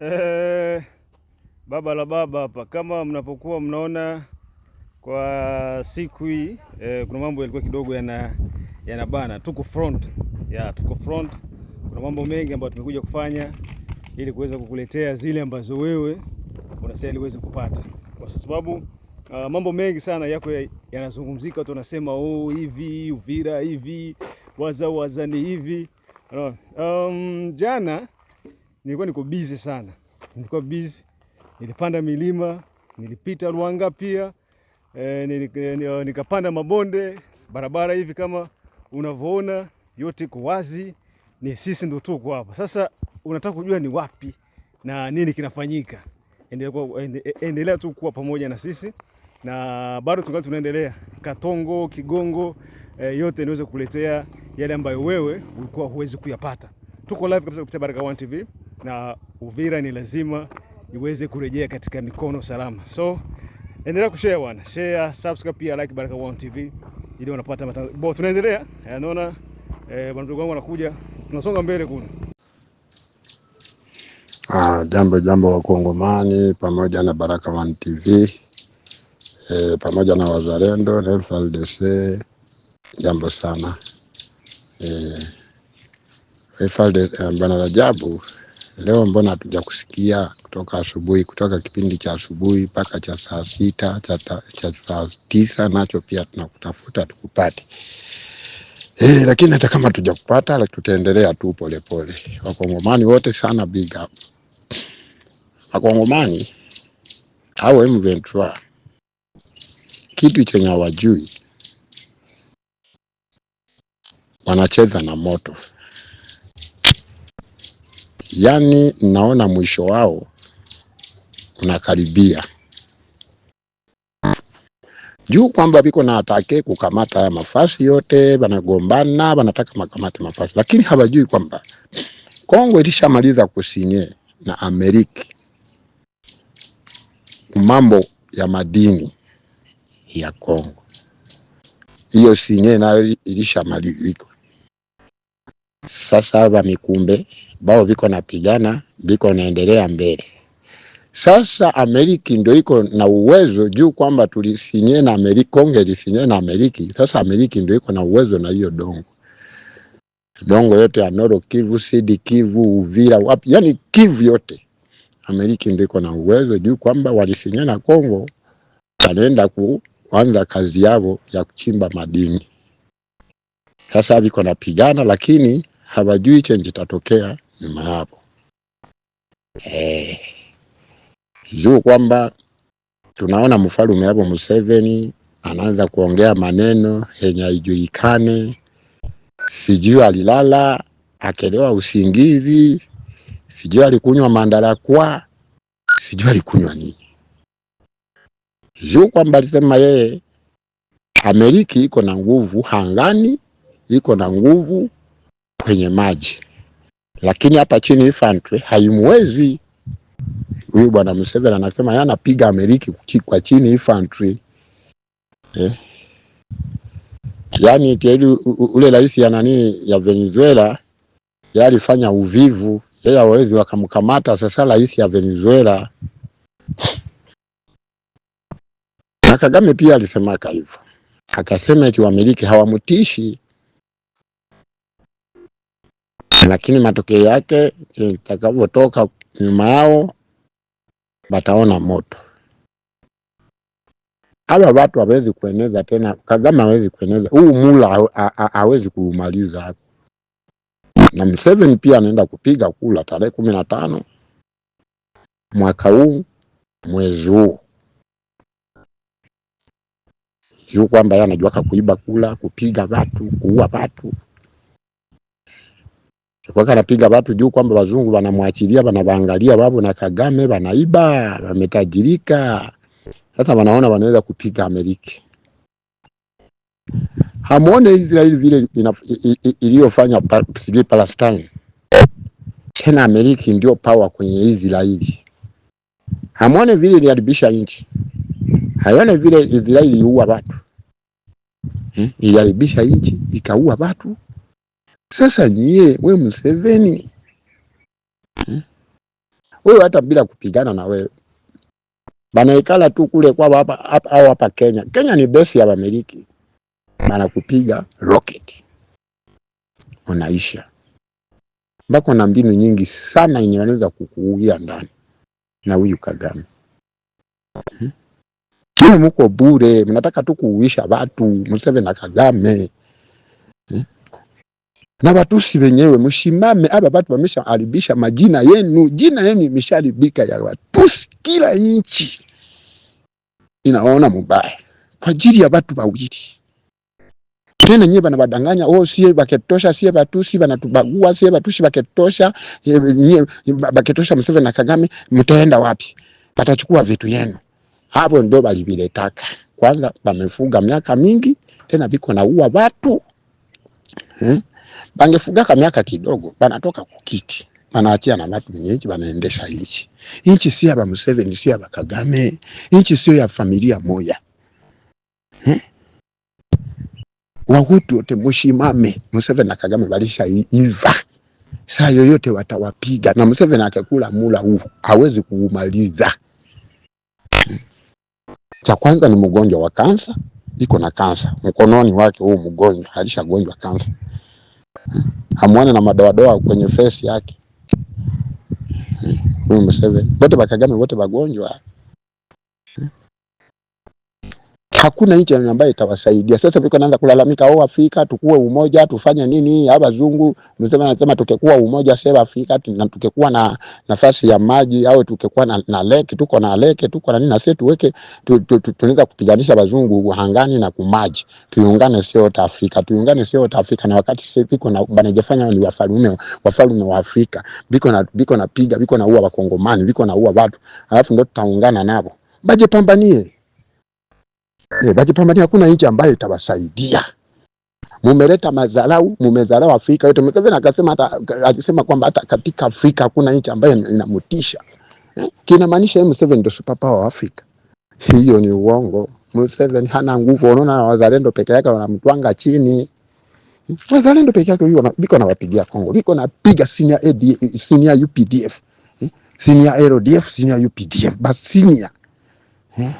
Eh, baba la baba hapa, kama mnapokuwa mnaona kwa siku hii e, kuna mambo yalikuwa kidogo yana yanabana. Tuko front ya, tuko front. Kuna mambo mengi ambayo tumekuja kufanya ili kuweza kukuletea zile ambazo wewe unasema uweze kupata, kwa sababu uh, mambo mengi sana yako yanazungumzika, watu wanasema oh, hivi Uvira hivi waza wazani hivi Um, jana nilikuwa niko busy sana, nilikuwa busy, nilipanda milima, nilipita Ruanga pia e, nikapanda mabonde. Barabara hivi kama unavyoona yote iko wazi, ni sisi ndio tuko hapa sasa. Unataka kujua ni wapi na nini kinafanyika? endelea, Endelea tu kuwa pamoja na sisi, na bado tungali tunaendelea Katongo, Kigongo e, yote niweze kukuletea yale ambayo wewe ulikuwa huwezi kuyapata. Tuko live kabisa kupitia Baraka1 TV na Uvira ni lazima iweze kurejea katika mikono salama. So endelea kushare bwana, share, subscribe pia like baraka One TV ili unapata matangazo. Bo, tunaendelea. Eh, naona eh, bwana ndugu wangu anakuja. Tunasonga mbele kuna Ah, jambo jambo wakongomani pamoja na baraka One TV e, eh, pamoja na wazalendo na FARDC jambo sana eh, e, FARDC bwana Rajabu Leo mbona kusikia kutoka asubuhi, kutoka kipindi cha asubuhi mpaka cha saa sita cha, cha saa tisa nacho pia tunakutafuta tukupate. E, lakini hata kama tujakupata tutaendelea tu polepole. Wakongomani wote sana, big up Wakongomani au M23, kitu chenye hawajui wanacheza na moto yani naona mwisho wao unakaribia juu kwamba viko na atake kukamata haya mafasi yote, wanagombana wanataka makamate mafasi, lakini hawajui kwamba Kongo ilishamaliza kusinye na Ameriki mambo ya madini ya Kongo. Hiyo sinye nayo ilishamalizika sasa, wamikumbe bao viko napigana viko naendelea mbele. Sasa Ameriki ndio iko na uwezo juu kwamba tulisinye na Ameriki, Kongo ilisinye na Ameriki. Sasa Ameriki ndio iko na uwezo na hiyo dongo dongo yote ya Noro Kivu, Sidi Kivu, Uvira, wapi, yani Kivu yote Ameriki ndio iko na uwezo juu kwamba walisinye na Kongo, wanaenda kuanza kazi yao ya kuchimba madini. Sasa viko napigana, lakini hawajui chenye kitatokea nyuma hapo eh, juu kwamba tunaona mfalume hapo Museveni anaanza kuongea maneno yenye haijulikane, sijui alilala akelewa usingizi, sijui alikunywa mandarakwa, sijui alikunywa nini, juu kwamba alisema yeye Ameriki iko na nguvu hangani, iko na nguvu kwenye maji lakini hapa chini infantry haimwezi. Huyu bwana Museveni anasema yana piga Ameriki kwa chini infantry eh. Yaani tieli ule rais ya nani ya Venezuela yeye alifanya uvivu, yeye hawezi wakamkamata. Sasa rais ya Venezuela na Kagame pia alisemaka hivyo, akasema eti Ameriki hawamtishi lakini matokeo yake itakavyotoka nyuma yao wataona moto. Hawa watu hawezi kueneza tena, Kagame hawezi kueneza huu mula, hawezi kuumaliza hapo. Na Museveni pia anaenda kupiga kula tarehe kumi na tano mwaka huu mwezi huu, sio kwamba yeye anajuaka kuiba kula, kupiga watu, kuua watu. Alikuwa anapiga watu juu kwamba wazungu wanamwachilia, wanawaangalia wao na Kagame wanaiba, wametajirika. Sasa wanaona wanaweza kupiga Amerika. Hamuone Israeli vile iliyofanya sijui Palestine. Tena Amerika ndio power kwenye Israeli. Hamuone vile iliharibisha nchi. Hayone vile Israeli iliua watu. Hmm? Iliharibisha nchi, ikaua watu. Sasa nyie, we Museveni eh? Wewe hata bila kupigana na wewe banaikala tu kule hapa au hapa Kenya. Kenya ni besi ya Wameriki, banakupiga rocket unaisha. mbako na mbinu nyingi sana yenye wanaweza kukuuia ndani na huyu Kagame eh? Muko bure, mnataka tu kuuisha watu Museveni na Kagame eh? na Watusi wenyewe mshimame, aba batu wameshaharibisha majina yenu, jina yenu imesharibika ya Watusi. Kila nchi inaona mubaya kwa ajili ya watu wawili tena nyie bana badanganya oh, sie baketosha, sie batusi banatubagua, sie batusi waketosha, nyie waketosha. Museveni na Kagame, mtaenda wapi? Batachukua vitu yenu. Hapo ndio baliviletaka kwanza, wamefuga miaka mingi, tena biko naua watu eh? Bangefugaka miaka kidogo, banatoka kukiti, banaachia na watu wenye nchi banaendesha nchi. Nchi si ya ba Museveni, si ya ba Kagame, nchi sio ya familia moya eh? Wahutu wote mushimame, Museveni na Kagame balisha iva saa yoyote watawapiga, na Museveni akakula mula huu hawezi kuumaliza. Cha kwanza ni mgonjwa wa kansa, iko na kansa mkononi wake huu mgonjwa alishagonjwa kansa. Hamwone na madoadoa kwenye face yake. Huyo Museveni, wote bakagame, wote bagonjwa. hakuna nchi ambayo itawasaidia. Sasa viko naanza kulalamika, oh, Afrika tukue umoja, tufanye nini? Hawa wazungu msema nasema tukekuwa umoja sasa Afrika na tukekuwa na nafasi ya maji au tukekuwa na, na lake tuko na lake tuko na nini na sisi tuweke tunaweza kupiganisha wazungu hangani na kumaji, tuungane, sio ta Afrika, tuungane, sio ta Afrika. Na wakati sisi biko na banajefanya ni wafalme wafalme wa Afrika biko na biko na piga biko na uwa wakongomani biko na uwa watu, alafu ndio tutaungana nabo baje pambanie E, bajipambania. Hakuna nchi ambayo itawasaidia. Mumeleta madharau, mumedharau Afrika yote. Museveni akasema hata alisema kwamba hata katika Afrika hakuna nchi ambayo inamutisha. Eh, kinamaanisha M7 ndio superpower wa Afrika. Hiyo ni uongo. Museveni hana nguvu. Unaona wazalendo peke yake wanamtwanga chini. Wazalendo peke yake hiyo biko na wapigia Kongo. Biko na piga senior AD, senior UPDF. Eh, senior LDF, senior UPDF, basi senior. Eh?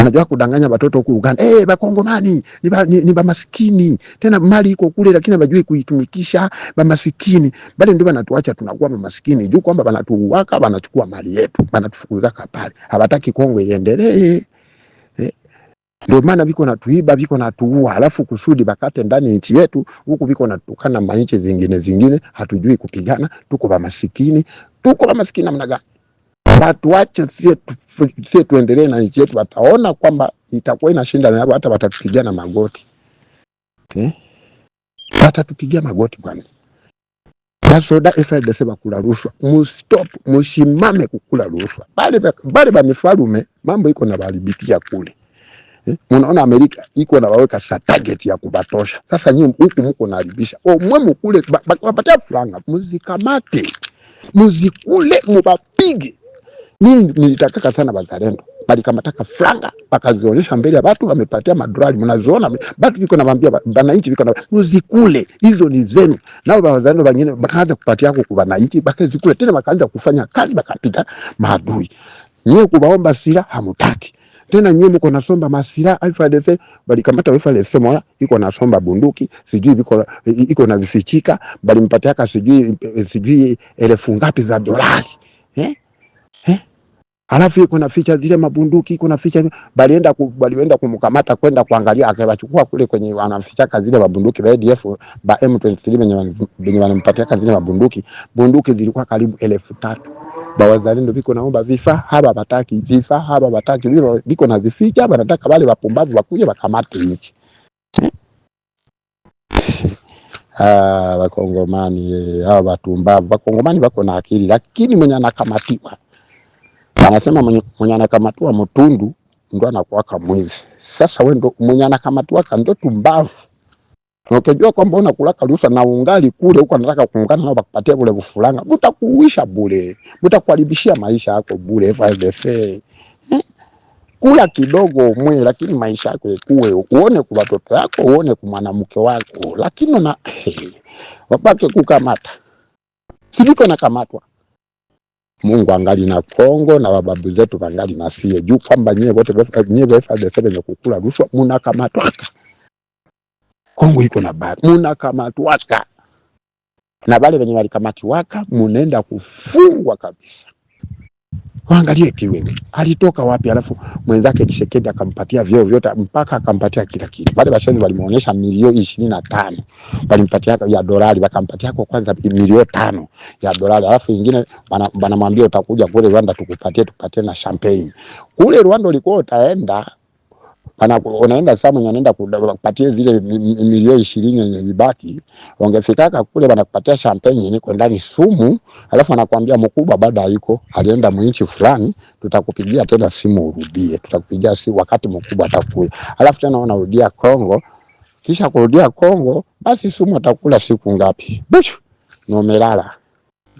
Unajua kudanganya watoto huku Uganda. Eh, bakongomani ni ba, ni, ni ba maskini. Tena mali iko kule lakini hawajui kuitumikisha ba maskini. Bali ndio wanatuacha tunakuwa ba maskini. Juu kwamba wanatuuaka, wanachukua mali yetu, wanatufukuza pale. Hawataki Kongo iendelee. Eh. Ndio maana viko na tuiba, viko na tuua, alafu kusudi bakate ndani nchi yetu, huku viko na tukana manchi zingine zingine, hatujui kupigana, tuko ba maskini, tuko ba maskini namna gani? watuache sie, tuendelee na nchi yetu. Wataona kwamba itakuwa inashinda na hata watatupigia na magoti eh, watatupigia magoti bwana. Dasema kula rushwa, mustop, mushimame kukula rushwa. Bale ba mifalume mambo iko na balibikia kule eh, unaona Amerika iko na waweka sa target ya kubatosha. Sasa nyinyi huku mko naharibisha oh, mwemu kule, wapatia franga, muzikamate muzikule, mubapige mimi nilitakaka sana Bazalendo bali kama taka franga bakazionyesha mbele ya watu, wamepatia madrali, mnaziona batu viko nawaambia mwambia bananchi viko na muzikule hizo ni zenu. Nao Bazalendo wengine bakaanza kupatia huko kwa bananchi, bakazikule tena, bakaanza kufanya kazi, bakapiga maadui. nyewe kubaomba sila hamutaki tena, nyie mko nasomba masila alfadese, bali kamata alfadese mola iko nasomba bunduki, sijui iko iko vifichika bali mpatiaka sijui sijui elfu ngapi za dolari eh eh Alafu iko na ficha zile mabunduki, iko na ficha balienda balienda kumkamata kwenda kuangalia, akawachukua kule kwenye wanaficha kazi zile mabunduki ba ADF ba M23 wenye wenye wanampatia kazi zile mabunduki. Bunduki zilikuwa karibu elfu tatu. Ba wazalendo biko naomba vifaa haba bataki vifaa haba bataki lilo biko na vificha nataka wale wapumbavu wakuje wakamate hichi. Ah, Wakongomani hawa watumbavu Wakongomani wako na akili, lakini mwenye anakamatiwa Anasema mwenye mwenye anakamatua mtundu ndo anakuwaka mwizi. Sasa wewe ndo mwenye anakamatuaka ndo tumbavu. Na ukijua kwamba unakulaka ruhusa na ungali kule huko anataka kuungana nao bakupatia bure kufulanga, mtakuuisha bure. Mtakuharibishia maisha yako bure FDC. Eh? Kula kidogo umwe, lakini maisha yako ikuwe, uone kwa watoto yako, uone kwa mwanamke wako, lakini na wapake kukamata. Sidiko nakamatwa. Mungu angali na Kongo na wababu zetu wangali na sie juu kwamba nyie wote eh, nyie wefa kukula rushwa munakamatwaka. Kongo iko na bari munakamatwaka, na wale wenye walikamatiwaka munaenda kufungwa kabisa. Waangalie Kiwenge alitoka wapi, alafu mwenzake Tshisekedi akampatia vyeo vyote mpaka akampatia kila kitu. Wale washenzi walimuonyesha milioni ishirini na tano walimpatia ya dolari, wakampatia kwa kwanza milioni tano ya dolari, alafu ingine wanamwambia utakuja kule Rwanda tukupatie, tupatie na champagne kule Rwanda ulikuwa utaenda ana, unaenda saa mwenye anaenda kupatia zile milioni ishirini yenye vibaki, wangefikaka kule wanakupatia champagne niko ndani sumu, alafu anakuambia mkubwa, baada haiko alienda mwinchi fulani, tutakupigia tena simu urudie, tutakupigia si wakati mkubwa atakuwa. Alafu tena unarudia Kongo, kisha kurudia Kongo, basi sumu atakula siku ngapi? Buchu, no melala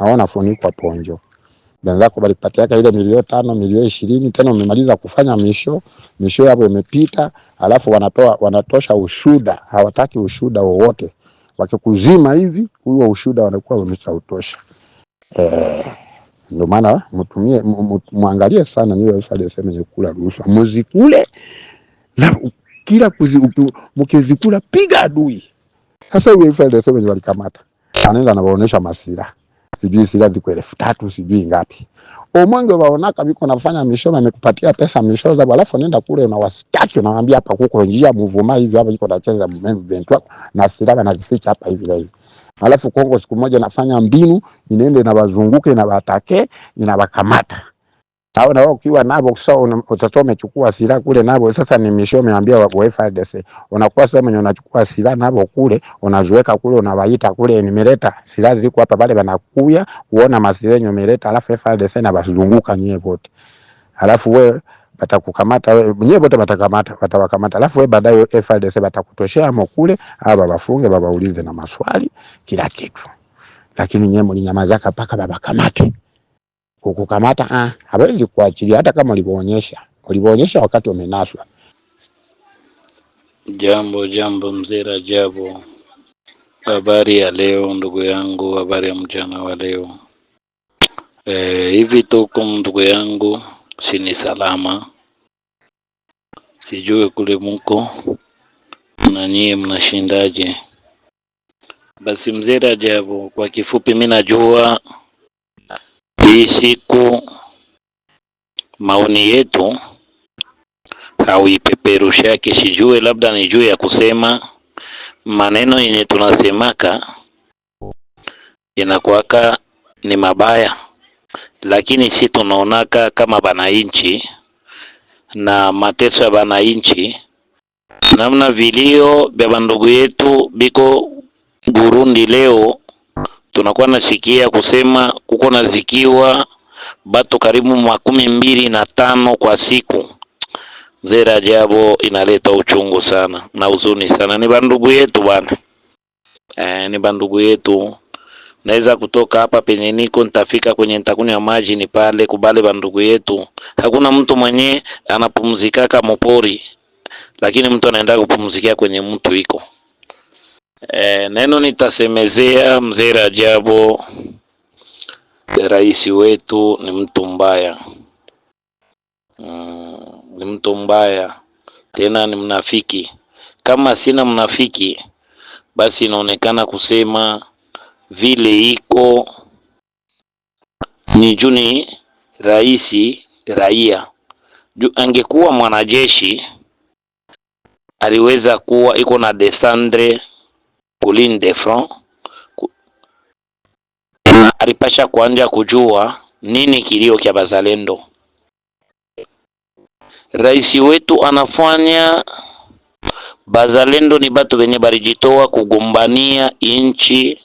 naona funikwa ponjo wenzako walipatiaka ile milioni tano milioni ishirini tena umemaliza kufanya misho misho hapo imepita, alafu wanatoa wanatosha ushuda, hawataki ushuda wowote. Wakikuzima hivi, huo ushuda wanakuwa wameshautosha. Eh, ndio maana mtumie, muangalie sana nyewe Yesu aliyesema nyewe kula ruhusa, muzikule na kila mkizikula piga adui. Sasa huyo Yesu aliyesema nyewe alikamata, anaenda anawaonesha masira sijui sila ziko elfu tatu sijui ngapi. Omwenge oh, waonaka biko nafanya mishoma amekupatia pesa mishoza, alafu nenda kule na wasitaki na hapa kuko njia muvuma hivi hapa iko nacheza mventu wako na silaha na hapa hivi leo. Alafu Kongo siku moja nafanya mbinu inende na wazunguke na watake inawakamata au na ukiwa nabo sasa utatoa umechukua silaha kule nabo sasa ni misho umeambia wa FARDC. Unakuwa sasa mwenye unachukua silaha nabo kule, unaziweka kule, unawaita kule, nimeleta silaha ziko hapa pale, wanakuja kuona masilaha yenye umeleta, alafu FARDC na bazunguka nyewe wote. Alafu wewe batakukamata wewe, nyewe wote batakamata, batawakamata. Alafu wewe baadaye FARDC batakutoshea mo kule, hapa bafunge, babaulize na maswali kila kitu. Lakini nyewe mlinyamazaka paka babakamate kukukamata ah, hawezi kuachilia hata kama ulivyoonyesha ulivyoonyesha wakati umenaswa. Jambo jambo, mzee Rajabu, habari ya leo ndugu yangu, habari ya mchana wa leo. E, hivi tuko ndugu yangu, si ni salama? Sijue kule mko na nyie mnashindaje? Basi mzee Rajabu, kwa kifupi, mi najua hii siku maoni yetu hauipeperushaki, sijue labda ni juu ya kusema maneno yenye tunasemaka inakuwaka ni mabaya, lakini si tunaonaka kama bananchi na mateso ya bananchi, namna vilio vya bandugu yetu biko Burundi leo tunakuwa nasikia kusema kuko nazikiwa bato karibu makumi mbili na tano kwa siku. Mzee rajabo inaleta uchungu sana na uzuni sana. Ni bandugu yetu bwana e, ni bandugu yetu. Naweza kutoka hapa penye niko nitafika kwenye nitakunywa maji ni pale kubale bandugu yetu. Hakuna mtu mwenye anapumzikaka mpori lakini mtu anaenda kupumzikia kwenye mtu iko e, neno nitasemezea mzee rajabo rais wetu ni mtu mbaya mm, ni mtu mbaya tena ni mnafiki. Kama sina mnafiki, basi inaonekana kusema vile iko ni juni rais raia Ju, Angekuwa mwanajeshi aliweza kuwa iko na desandre kuline de front alipasha kuanja kujua nini kilio kya bazalendo. Rais wetu anafanya bazalendo ni batu benye balijitoa kugombania inchi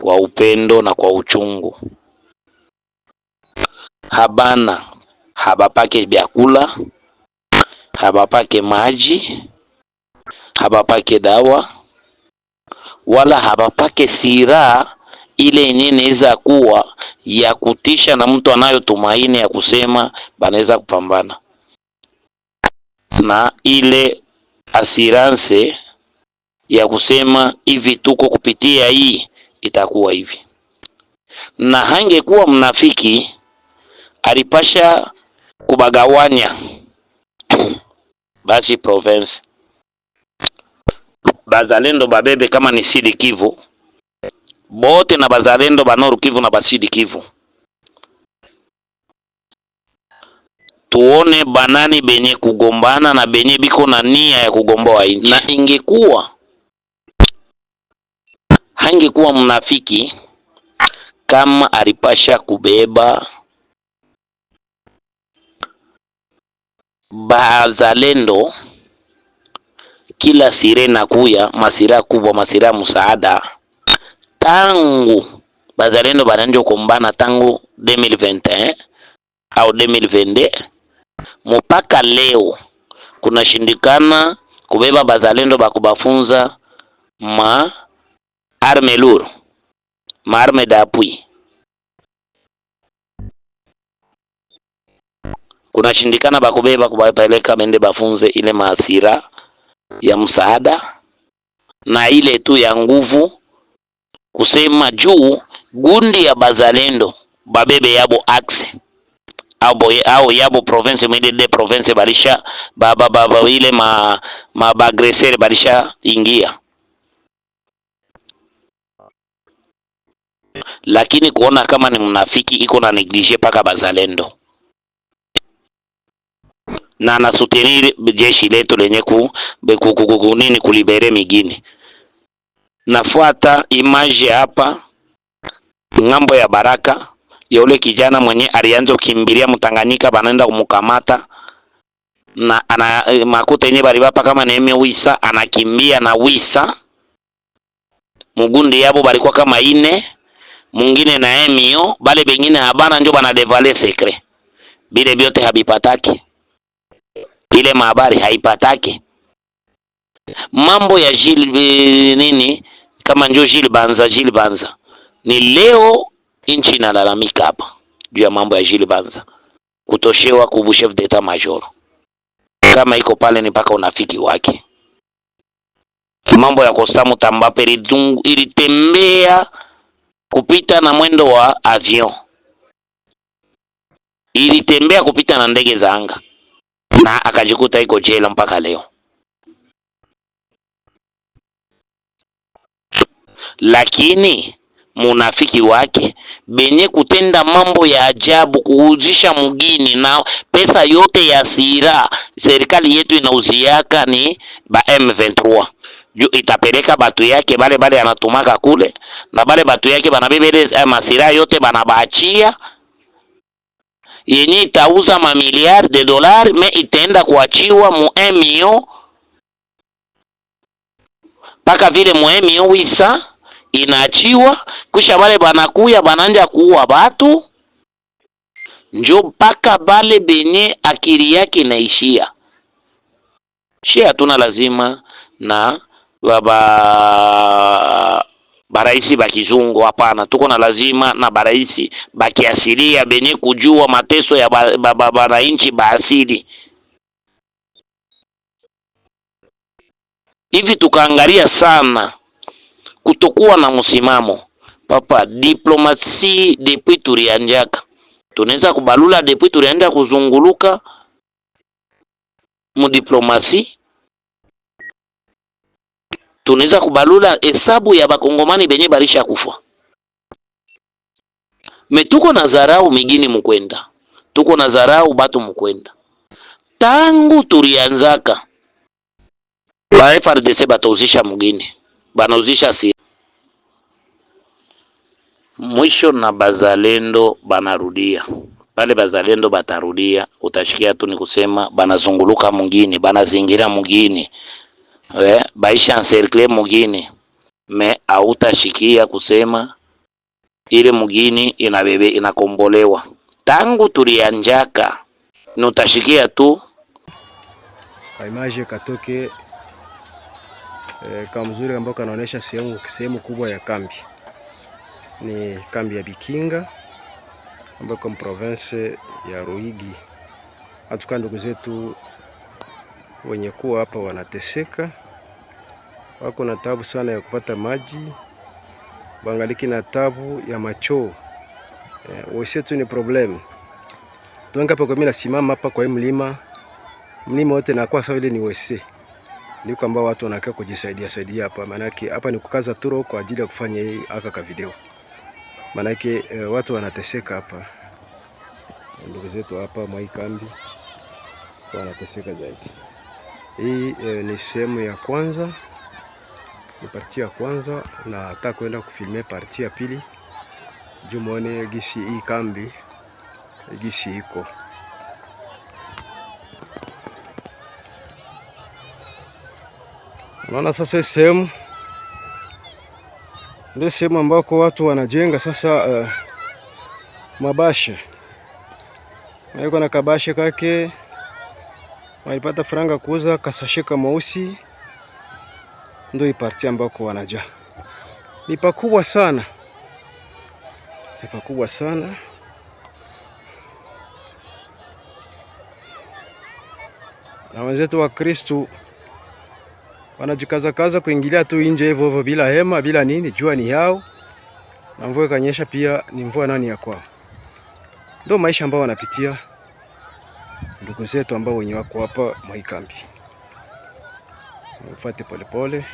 kwa upendo na kwa uchungu. Habana habapake vyakula, habapake maji, habapake dawa wala habapake siraha ile yenyewe inaweza kuwa ya kutisha, na mtu anayo tumaini ya kusema banaweza kupambana na ile asiranse ya kusema hivi tuko kupitia hii itakuwa hivi. Na hangekuwa mnafiki, alipasha kubagawanya basi province, bazalendo babebe kama ni Sidi Kivu bote na bazalendo ba Nord Kivu na basidi Kivu, tuone banani benye kugombana na benye biko na nia ya kugomboa inchi. Na ingekuwa hangekuwa mnafiki kama alipasha kubeba bazalendo kila sire na kuya masira kubwa, masira musaada tangu Bazalendo bananja kumbana tangu 2021 au 2022 mpaka leo kunashindikana kubeba bazalendo bakubafunza ma arme lourde ma arme d'appui, kunashindikana bakubeba kubapeleka bende bafunze ile maasira ya msaada na ile tu ya nguvu kusema juu gundi ya bazalendo babebe yabo axe au yabo province mwidede province barisha baba baba ile ma mabagresere barisha ingia, lakini kuona kama ni mnafiki iko na neglige paka bazalendo na nasutenir jeshi letu lenye ku nini kulibere migini Nafuata image hapa ng'ambo ya Baraka ya ule kijana mwenye alianza kukimbilia Mtanganyika, banaenda kumukamata na ana, eh, makuta yenye bali kama Nehemia Wisa anakimbia na Wisa mugundi yabo balikuwa kama ine mungine na Emio bale bengine habana njo bana devale secret bile byote habipataki, ile mahabari haipataki Mambo ya jili, eh, nini kama njo jili Banza, jili Banza ni leo nchi inalalamika hapa juu ya mambo ya jili Banza kutoshewa kubu chef d'etat major, kama iko pale ni mpaka unafiki wake. Mambo ya Constant Mutamba ilitembea kupita na mwendo wa avion, ilitembea kupita na ndege za anga na akajikuta iko jela mpaka leo. Lakini munafiki wake benye kutenda mambo ya ajabu kuuzisha mgini na pesa yote ya sira serikali yetu inauziaka ni ba M23 juu itapeleka batu yake bale bale anatumaka kule na bale batu yake banabebele eh, masira yote banabachia yenye itauza de dolari me itaenda kuachiwa mu milioni mpaka vile muhemi owisa inachiwa kisha bale banakuya bananja kuua batu, njo mpaka bale benye akili yake inaishia shia Hatuna lazima na baba baraisi bakizungu, hapana. Tuko na lazima na baraisi bakiasiria benye kujua mateso ya bananchi ba, ba, ba, baasili hivi tukaangalia sana kutokuwa na msimamo papa diplomasi depui tulianjaka tunaweza kubalula depui tulianja kuzunguluka mudiplomasi tunaweza kubalula hesabu ya bakongomani benye barisha kufa metuko na zarau migini mukwenda tuko na zarau batu mukwenda tangu tulianzaka Barefa alidese batauzisha mugini, banauzisha si mwisho. Na bazalendo banarudia pale, bazalendo batarudia, utashikia tu ni kusema banazunguluka mugini, banazingira mugini, we baisha encercle mugini, me autashikia kusema ile mugini inabebe inakombolewa tangu tulianjaka, nutashikia tu kaimaje katoke e, mzuri ambao kanaonyesha sehemu sehemu kubwa ya kambi. Ni kambi ya Bikinga ambayo kwa province ya Ruigi. Hatukaa ndugu zetu wenye kuwa hapa wanateseka, wako na tabu sana ya kupata maji, bangaliki na tabu ya machoo e, eh, wesetu ni problem Tuanga hapa kwa mimi nasimama hapa kwa hii mlima, mlima wote nakuwa sawa ile ni wese niko ambao watu wanakaa kujisaidia saidia hapa, maanake hapa ni kukaza turo kwa ajili ya kufanya hii aka ka video, maanake e, watu wanateseka hapa, ndugu zetu hapa mwa kambi wanateseka zaidi. Hii e, ni sehemu ya kwanza, ni parti ya kwanza, na hata kwenda kufilme parti ya pili juu gisi hii kambi gisi iko Unaona sasa hii sehemu ndio sehemu ambako watu wanajenga sasa uh, mabashe naiko na kabashe kake walipata faranga kuuza kasashika mausi, ndio iparti ambako wanaja. Ni pakubwa sana, ni pakubwa sana. Na wenzetu wa Kristu wanajikaza kaza kuingilia tu nje hivyo hivyo bila hema bila nini, jua ni yao na mvua ikanyesha pia ni mvua nani ya kwao. Ndio maisha ambayo wanapitia ndugu zetu ambao wenye wako hapa mwaikambi. Ufuate polepole.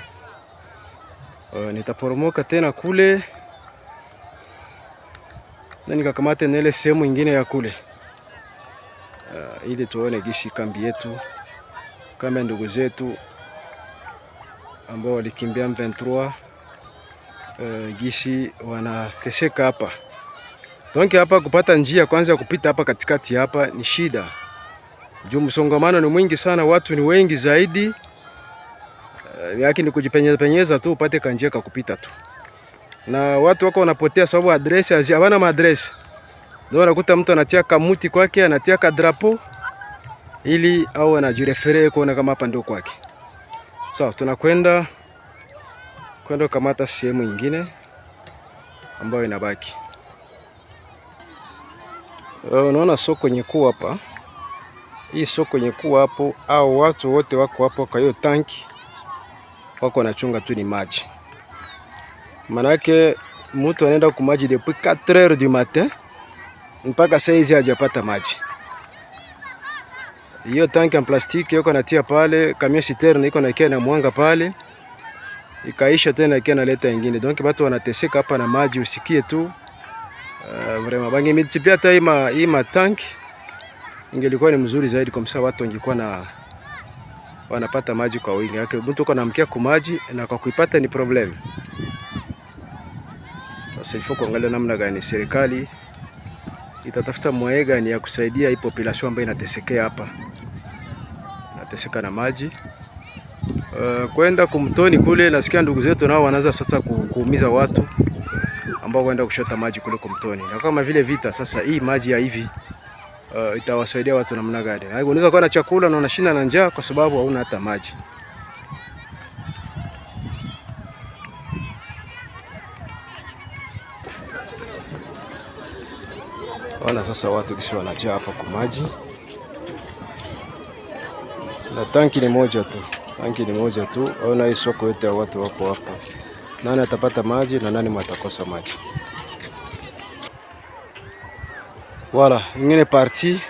Uh, nitaporomoka tena kule na nikakamate na sehemu ingine ya kule uh, ili tuone gisi kambi yetu kama ndugu zetu ambao walikimbia M23 uh, eh, gisi wanateseka hapa. Donc hapa kupata njia kwanza ya kupita hapa katikati hapa ni shida. Juu msongamano ni mwingi sana, watu ni wengi zaidi. Uh, eh, yake ni kujipenyeza penyeza tu upate kanjia ka kupita tu. Na watu wako wanapotea sababu adresi hazi hawana maadresi. Ndio unakuta mtu anatia kamuti kwake, anatia kadrapo ili au anajirefere kuona kama hapa ndio kwake. So tunakwenda kwenda kukamata sehemu nyingine ambayo inabaki. Eh, unaona soko nyekuu hapa, hii soko nyekuu hapo, au watu wote wako hapo kwa hiyo tanki, wako wanachunga tu ni maji, manake mtu anaenda kumaji depuis 4 heures du matin mpaka 6 hizi hajapata maji hiyo tanki ya plastiki yuko natia pale, kamion siterne iko nakia na mwanga pale, ikaisha tena ikia na leta nyingine. Donc watu wanateseka hapa na maji, usikie tu uh, eh, vrema bangi mitipia hata ima ima tank ingelikuwa ni mzuri zaidi, kwa msa watu wangekuwa na wanapata maji kwa wingi, yake mtu uko namkia kwa maji na kwa kuipata ni problem. Sasa ifo kuangalia namna gani serikali itatafuta mwae ni ya kusaidia hii population ambayo inatesekea hapa wanateseka na maji. Uh, kwenda kumtoni kule nasikia ndugu zetu nao wanaanza sasa kuumiza watu ambao waenda kushota maji kule kumtoni, na kama vile vita sasa, hii maji ya hivi uh, itawasaidia watu namna gani? Unaweza kuwa na chakula na unashinda na njaa kwa sababu hauna hata maji. Wana sasa watu kisi wanajaa hapa kwa maji. Na tanki ni moja tu, tanki ni moja tu. Aona hii soko yote ya watu wako hapa, nani atapata maji na nani matakosa maji? Wala ingine parti